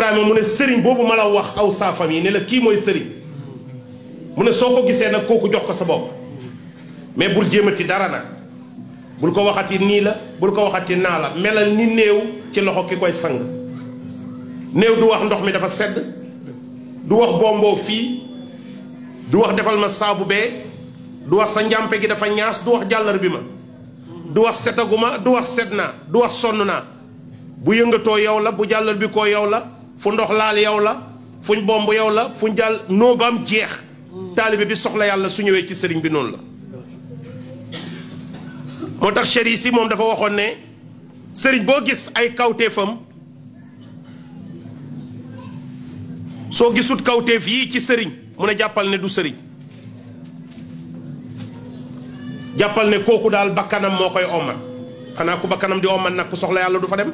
Ibrahima mu ne sëriñ boobu ma la wax aw saafam yi ne la kii mooy sëriñ mu ne soo ko gisee nag kooku jox ko sa bopp mais bul jéemati dara nag bul ko waxati nii la bul ko waxati naa la melal ni néew ci loxo ki koy sang néew du wax ndox mi dafa sedd du wax bomboo fii du wax defal ma saabu bee du wax sa njàmpe gi dafa ñaas du wax jàllar bi ma du wax setaguma du wax sedd naa du wax sonn naa bu yëngatoo yow la bu jàllal bi koo yow la fu ndox laal yow la fuñ bomb yow la fuñ jàll noo ba am jeex taalibe bi soxla yàlla su ñëwee ci sëriñ bi noonu la moo tax chéri si moom dafa waxoon ne sëriñ boo gis ay kawteefam soo gisut kawteef yii ci sëriñ mu ne jàppal ne du sëriñ jàppal ne kooku daal bakkanam moo koy oman xanaa ku bakkanam di oman nag ku soxla yàlla du fa dem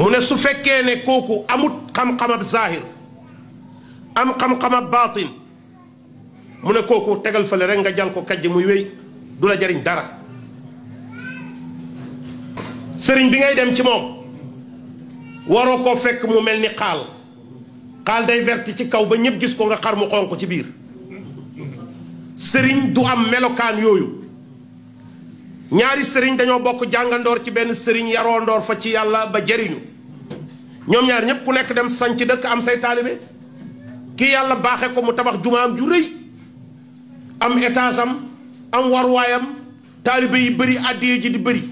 mu ne su fekkee ne kooku amut xam-xamab zaahir am xam-xamab baatin mu ne kooku tegal fale rek nga jàng ko kajj muy wéy du la jariñ dara sëriñ bi ngay dem ci moom waroo koo fekk mu mel ni xaal xaal day verti ci kaw ba ñëpp gis ko nga xar mu xonq ci biir sëriñ du am melokaan yooyu ñaari sëriñ dañoo bokk jàngandoor ci benn sëriñ yaroo ndoor fa ci yàlla ba jariñu ñoom ñaar ñëpp ku nekk dem sanc dëkk am say taalibe kii yàlla baaxe ko mu tabax jumaam ju rëy am étage am am warwaayam taalibe yi bëri àddiyee ji di bëri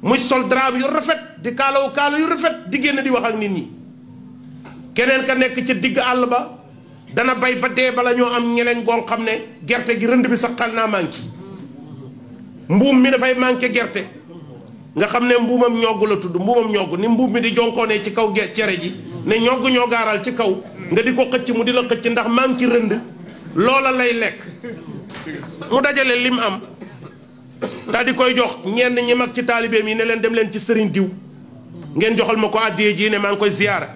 muy sol drap yu rafet di kaalawu kaala yu rafet di génn di wax ak nit ñi keneen ka nekk ca digg àll ba dana bay ba dee bala ñoo am ñeneen goo xam ne gerte gi rënd bi sax xal naa manqué mbuum mi dafay mànke gerte nga xam ne mbuumam ñogg la tudd mbuumam ñogg ni mbuum mi di jonkoonee ci kaw cere ji ne ñogg ñoo gaaral ci kaw nga di ko xëcc mu di la xëcc ndax manque rënd loola lay lekk mu dajale lim am daal di koy jox ñenn ñi mag ci taalibeem yi ne leen dem leen ci sëriñ diw ngeen joxal ma ko àddiyee ji ne maa ngi koy ziyaara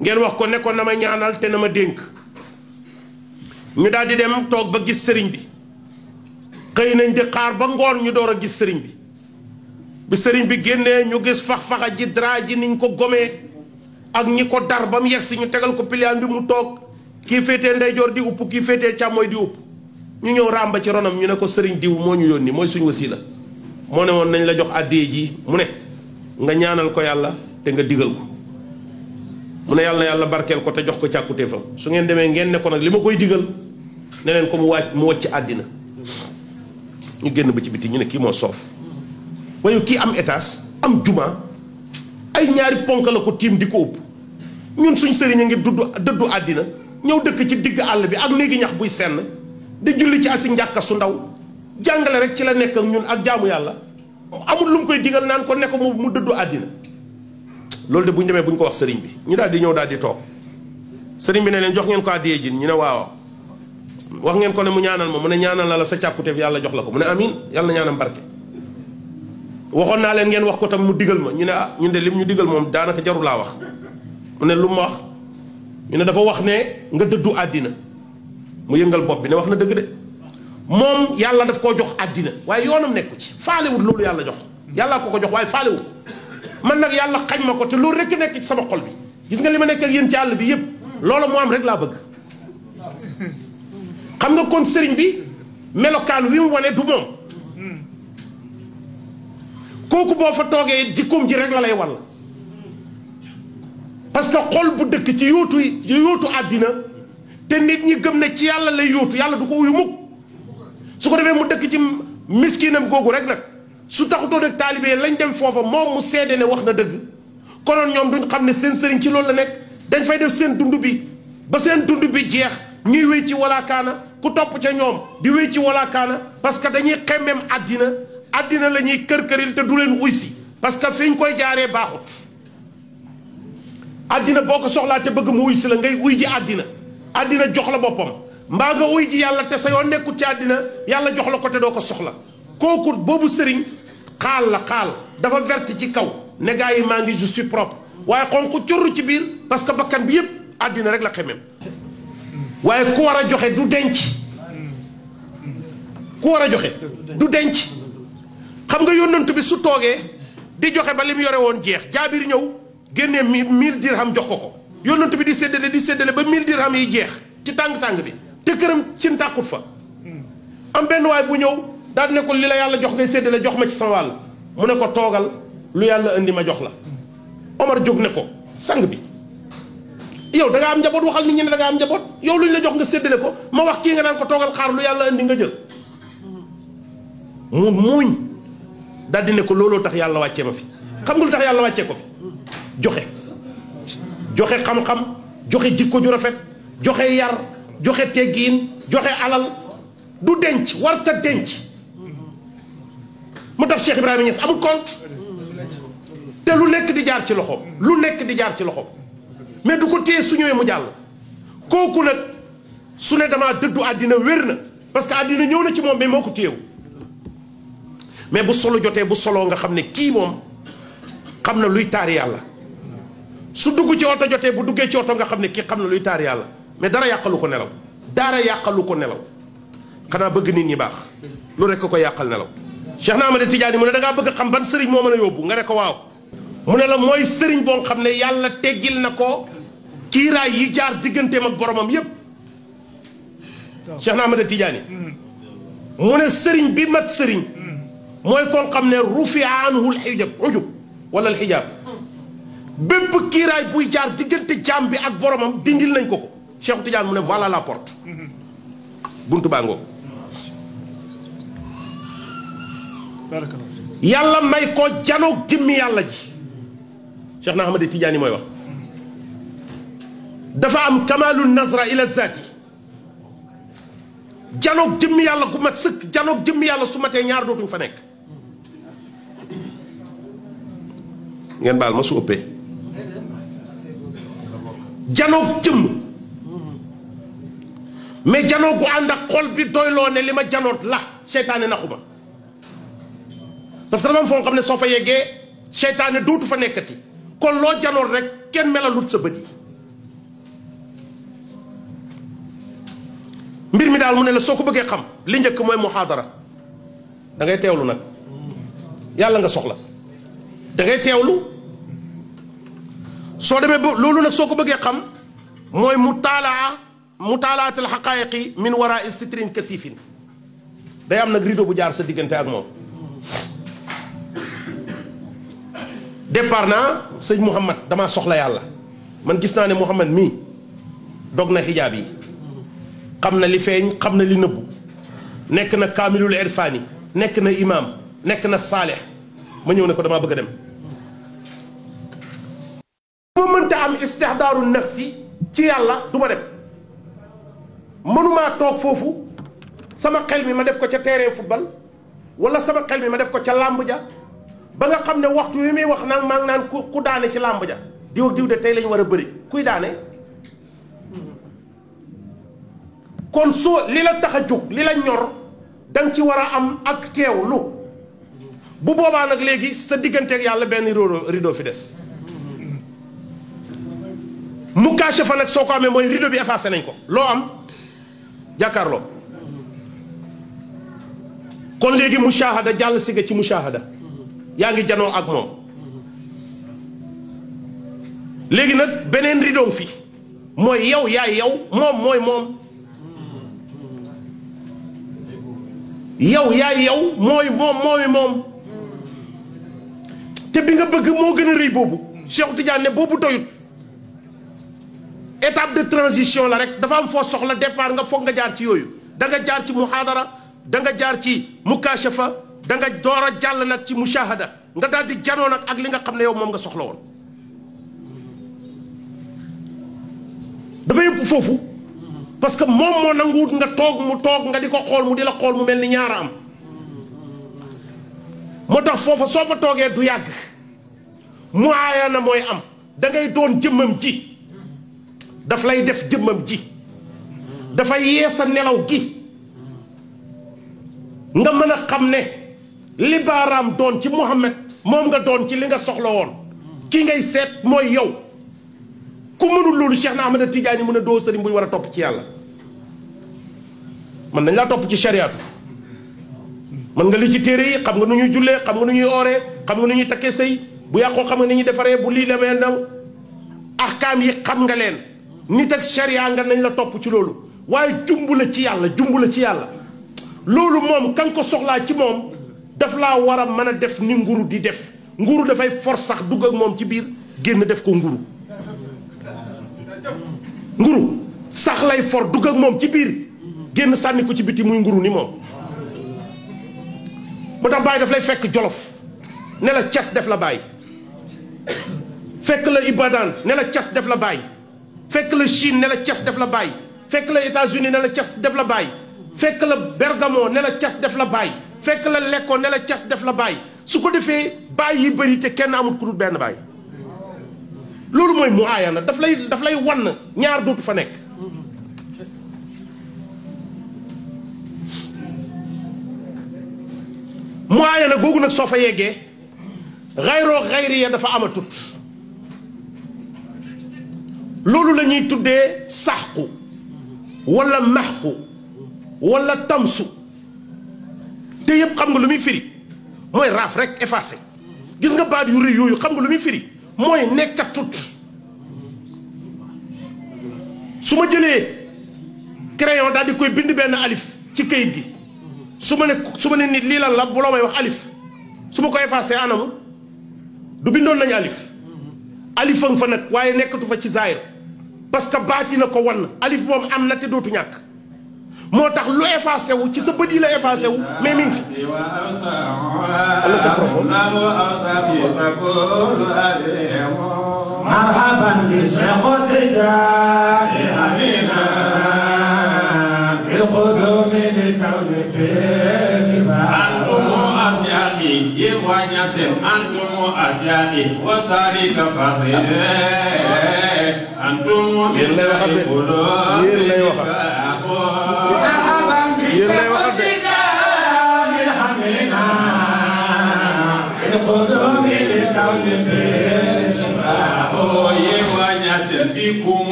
ngeen wax ko ne ko na ma ñaanal te na ma dénk ñu daal di dem toog ba gis sëriñ bi xëy nañ di xaar ba ngoon ñu door a gis sëriñ bi bi serigne bi genné ñu gis fax-faxa ji draa ji niñ ko gomé ak ñi ko dar bam mu ñu tégal ko pilian bi mu ki fété ndey jor di upp ki fété chamoy di upp ñu ñew ramba ci ronam ñu ne ko serigne diw mo ñu yoni moy suñu wasila mo ne won nañ la jox adé ji mu ne nga ñaanal ko yalla té nga digal ko mu ne yalla yalla barkel ko té jox ko càkkuteefam su ngeen démé ngeen ne ko nak lima koy digal ne ko mu wacc mu wacc adina ñu genn ba ci biti ñu ne ki mo sof waaye kii am étage am jumaa ay ñaari ponk la ko tiim di ko ëpp ñun suñ sëriñ a ngi dudd dëddu àddina ñëw dëkk ci digg àll bi ak néegi ñax buy senn di julli ci asi njàkka su ndaw jàngale rek ci la nekk ak ñun ak jaamu yàlla amul lu mu koy digal naan ko ne ko mu dëddu àddina loolu de bu ñu demee bu ñu ko wax sëriñ bi ñu daal di ñëw daal di toog sëriñ bi ne leen jox ngeen ko àddiyee jin ñu ne waaw wax ngeen ko ne mu ñaanal ma mu ne ñaanal na la sa càkkuteef yàlla jox la ko mu ne yàlla na ñaanam waxoon naa leen ngeen wax ko tam mu digal ma ñu ne ah ñu ne lim ñu digal moom daanaka jaru laa wax mu ne lu ma wax ñu ne dafa wax ne nga dëddu àddina mu yëngal bopp bi ne wax na dëgg de moom yàlla daf koo jox àddina waaye yoonam nekku ci faalewut loolu yàlla jox yàlla ko ko jox waaye faalewut man nag yàlla xañ ma ko te loolu rekk nekk ci sama xol bi gis nga li ma nekk ak yéen ci àll bi yëpp loola moo am rek laa bëgg xam nga kon sëriñ bi melokaan wi mu wane du moom kooku boo fa toogee jikkoom ji rek la lay walla parce que xol bu dëkk ci yootu yóotu àddina te nit ñi gëm ne ci yàlla lay yóotu yàlla du ko uyu mukk su ko defee mu dëkk ci miskinam googu rek nag su taxutoo nag taalibe lañ dem foofa moom mu seede wax na dëgg konoon ñoom duñ xam ne seen sëriñ ci loolu la nekk dañ fay def seen dund bi ba seen dund bi jeex ñuy wéy ci walaakaana ku topp ca ñoom di wéy ci walaakaana parce que dañuy xemmeem àddina àddina la ñuy kër-këril te du leen wuy si parce que fi ñu koy jaaree baaxut àddina boo ko soxlaa te bëgg mu wuy si la ngay wuy ji àddina àddina jox la boppam mbaa nga wuy ji yàlla te sa yoon nekkut ci àddina yàlla jox la ko te doo ko soxla kooku boobu sëriñ xaal la xaal dafa verte ci kaw ne gaa yi maa ngi je suis propre waaye xonq curru ci biir parce que bakkan bi yépp àddina rek la xemem waaye ku war a joxe du denc ku war a joxe du denc xam nga yónnant bi su toogee di joxe ba li mu yore woon jeex jaabir ñëw génnee mi mille dirham jox ko ko yónnant bi di séddale di séddale ba mille dirham yi jeex ci tàng-tàng bi te këram ci ntàkkut fa am bu ñëw daal ne ko yàlla jox ngay séddale jox ma ci sama wàll mu ne ko toogal lu yàlla indi ma jox la Omar jóg ne ko sang bi yow da nga am njaboot waxal nit ñi ne da am njaboot yow lu ñu la jox nga séddale ko ma wax kii nga naan ko toogal xaar lu yàlla indi nga jël mu muuñ daal di ne ko looloo tax yàlla wàccee ma fi xam nga lu tax yàlla wàccee ko fi joxe joxe xam-xam joxe jikko ju rafet joxe yar joxe teggiin joxe alal du denc warta denc mu tax Cheikh Ibrahima Niass amul compte te lu nekk di jaar ci loxoom lu nekk di jaar ci loxoom mais du ko téye su ñëwee mu jàll kooku nag su ne damaa dëddu àddina wér na parce que àddina ñëw na ci moom mais moo ko téyewu mais bu solo jotee bu soloo nga xam ne kii moom xam na luy taar yàlla su dugg ci oto jotee bu duggee ci oto nga xam ne kii xam na luy taar yàlla mais dara yàqalu ko nelaw dara yàqalu ko nelaw xanaa bëgg nit ñi baax lu rek ko yàqal nelaw Cheikh na Ahmada Tidiane mu ne da ngaa bëgg xam ban sëriñ moo mën a yóbbu ko waaw mu ne la mooy sëriñ boo xam ne yàlla teggil na ko kiiraay yi jaar digganteem ak boromam yépp Cheikh na Ahmada Tidiane hmm. mu ne sëriñ bi mat sëriñ mooy koo xam ne rufia anhul xijab ujub wala alxijaab bépp kiiraay buy jaar diggante jaam bi ak boromam dindil nañ ko ko Cheikh Tidiane mu voilà la porte buntu baa yàlla may ko janoog jëmmi yàlla ji Cheikh na Ahmad Tidiane mooy wax dafa am kamalu nazra ila zaati janoog jëmmi yàlla gu mat sëkk janoog jëmmi yàlla su matee ñaar dootuñ fa nekk ngeen baal ma su ëppee janoog jëmm mais janoog gu ànd ak xol bi doyloo ne li ma janoot la seytaane naxu ma parce que dama am foo xam ne soo fa yeggee seytaane dootu fa nekkati kon loo janoot rek kenn melalut sa bët yi mbir mi daal mu ne la soo ko bëggee xam li njëkk mooy muhaadara da ngay teewlu nag yàlla nga soxla da ngay teewlu soo demee ba loolu nag soo ko bëggee xam mooy mu taalaa mu taalaatal xaqaayiqi min wara istitrin kasifin day am nag rideau bu jaar sa diggante ak moom départ naa sëñ Mouhamad damaa soxla yàlla man gis naa ne Mouhamad mii dog na xijaab yi xam na li feeñ xam na li nëbbu nekk na kaamilul irfaani nekk na imaam nekk na saalix ma ñëw ne ko damaa bëgg dem mënta am istixdaaru nafsi ci yàlla du ma dem mënumaa toog foofu sama xel mi ma def ko ca terrain football wala sama xel mi ma def ko ca làmb ja ba nga xam ne waxtu wi muy wax naan maa ngi naan ku ku daane ci làmb ja diw ak diw de tey lañu war a bari kuy daane kon soo li la tax a jóg li la ñor danga ci war a am ak lu bu boobaa nag léegi sa digganteeg yàlla benn rido rido fi des mu caché fa nag soo ko amee mooy rideau bi effacé nañ ko loo am jàkkaarloo kon léegi mushahada jàll si nga ci mushahada yaa ngi janoo ak moom léegi nag beneen rideau fii mooy yow yaay yow moom mooy moom yow yaay yow mooy moom mooy moom te bi nga bëgg moo gën a rëy boobu Cheikh Tidiane ne boobu doyut étape de transition la rek dafa am foo soxla départ nga foog nga jaar ci yooyu danga jaar ci muhaadara da nga jaar ci mukaashafa da nga door a jàll nag ci mushahada nga daal di janoo nag ak li nga xam ne yow moom nga soxla woon dafa yëpp foofu parce que moom moo nanguwut nga toog mu toog nga di ko xool mu di la xool mu mel ni ñaara am moo tax foofa soo fa toogee du yàgg mu aaya na mooy am dangay ngay doon jëmmam ji daf lay def jëmmam ji dafa yee sa nelaw gi nga mën a xam ne li baaraam doon ci Muhammad moom nga doon ci li nga soxla woon ki ngay seet mooy yow ku mënul loolu Cheikh na Ahmada Tidiane mën a doo sëriñ bu ñu war a topp ci yàlla mën nañ laa topp ci chariatu mën nga li ci téere yi xam nga nu ñuy jullee xam nga nu ñuy ooree xam nga nu ñuy takkee sëy bu yàqoo xam nga ni ñuy defaree bu lii la mel naw ahkaam yi xam nga leen nit ak sharia nga nañ la topp ci loolu waaye jumbu la ci yàlla jumbu la ci yàlla loolu moom kan ko soxlaa ci moom daf laa war a mën a def ni nguru di def nguru dafay force sax dugg ak moom ci biir génn def ko nguru nguru sax lay dugg ak moom ci biir génn sànni ko ci bitim muy nguru ni moom moo tax bàyyi daf lay fekk jolof ne la cas def la bàyyi fekk la ibadan ne la cas def la bàyyi fekk la Chine ne la cas def la bàyyi fekk la États-Unis ne la cas def la bàyyi fekk la Bergamo ne la cas def la bàyyi fekk la Lecco ne la cas def la bàyyi su ko defee bàyyi yi bëri te kenn amul ku benn bàyyi loolu mooy mu aayana daf lay daf lay wann ñaar dootu fa nekk mu aayana googu nag soo fa yeggee xayroo xayri ya dafa tut loolu la ñuy tuddee saxku wala maxku wala tamsu te yépp xam nga lu muy firi mooy raaf rek effacé gis nga baat yu rëy yooyu xam nga lu muy firi mooy nekkatut su ma jëlee crayon dal di koy bind benn alif ci kayit gi su ma ne su ma ne nit lii lan la bu loo may wax alif su ma ko effacé anamu du bindoon nañu alif alifan fa nag waaye nekkatu fa ci zaahir parce que baati na ko wan alif moom am na te dootu ñàkk moo tax lu effacé wu ci sa bët yi la effacé wu mais mi ngi fi. wala sa profond. marhaban bi Cheikh Tidiane amina bil qudumi lil kawni fi antumu asyaqi yéen waa Niassène antumu asyaqi wasaari ka faqi yéen lay waxal de yéen lay waxal yéen lay waxal de.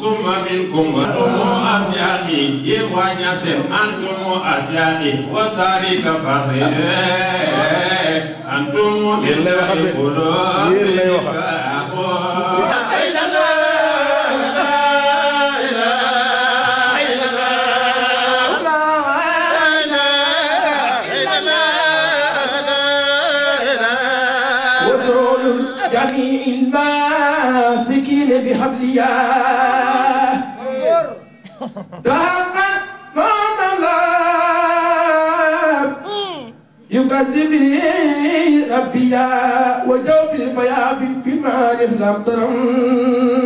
ثم منكم أنتم أسياني يوا نسم أنتم أسياني وساري كفاخي أنتم إلا يقولون جميع الماسكين بحبليا دهق من الله يكذب ربيا وجوب الفيا في المعارف لم ترم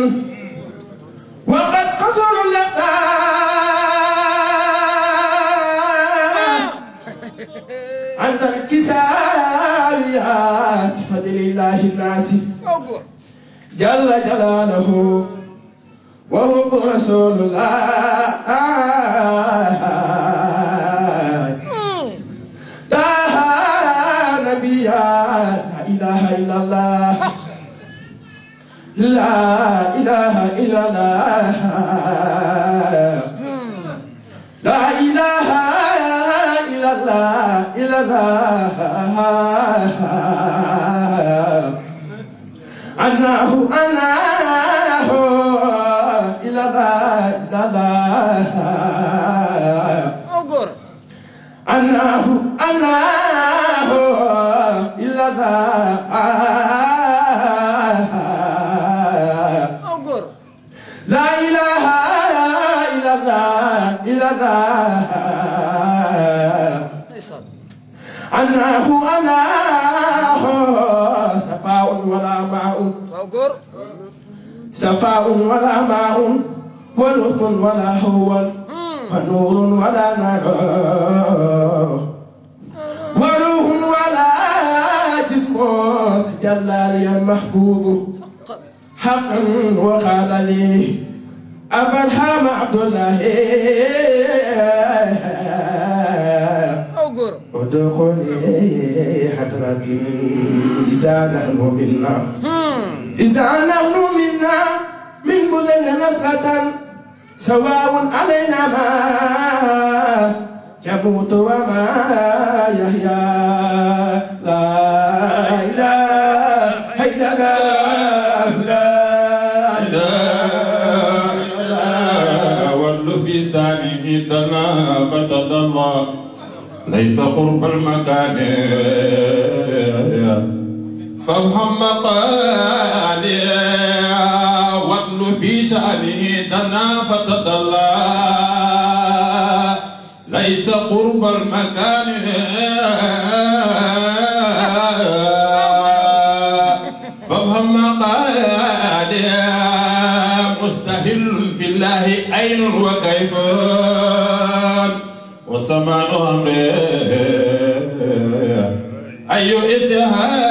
جل جلاله وهو رسول الله تاها نبيا لا إله إلا الله لا إله إلا الله لا إله إلا الله إلا الله أناه أناه إلى لا لا أناه أناه إلى لا لا إله إلا الله إلا الله أناه أناه صفاء ولا معه góor safaaun wala maaun waluqun wala hawal wa nuurun wala naga wa ruuhun wala jismun jallal ya mahbuubu حقا وقال لي أبا الحام عبد الله ادخلي حضرة لسانا وبالنار إذا نحن منا من بذل نفرة سواء علينا ما يموت وما يحيا لا إله إلا الله لا إله إلا الله واللو في ثانيه تنافت الله ليس قرب المكان فافهم مقالي واتل في شأنه دنا فتدلى ليس قرب المكان فافهم مقالي مستهل في الله أين وكيف وسمع أمره أي إزدهار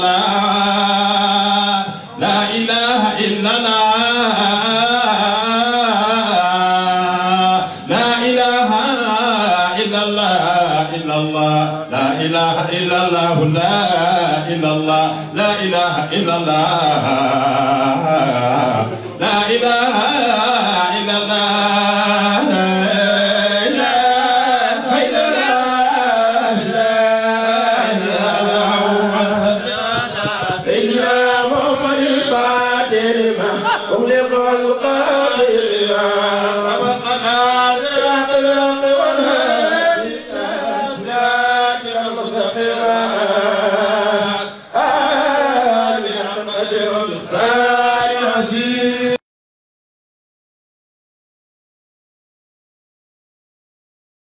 Allah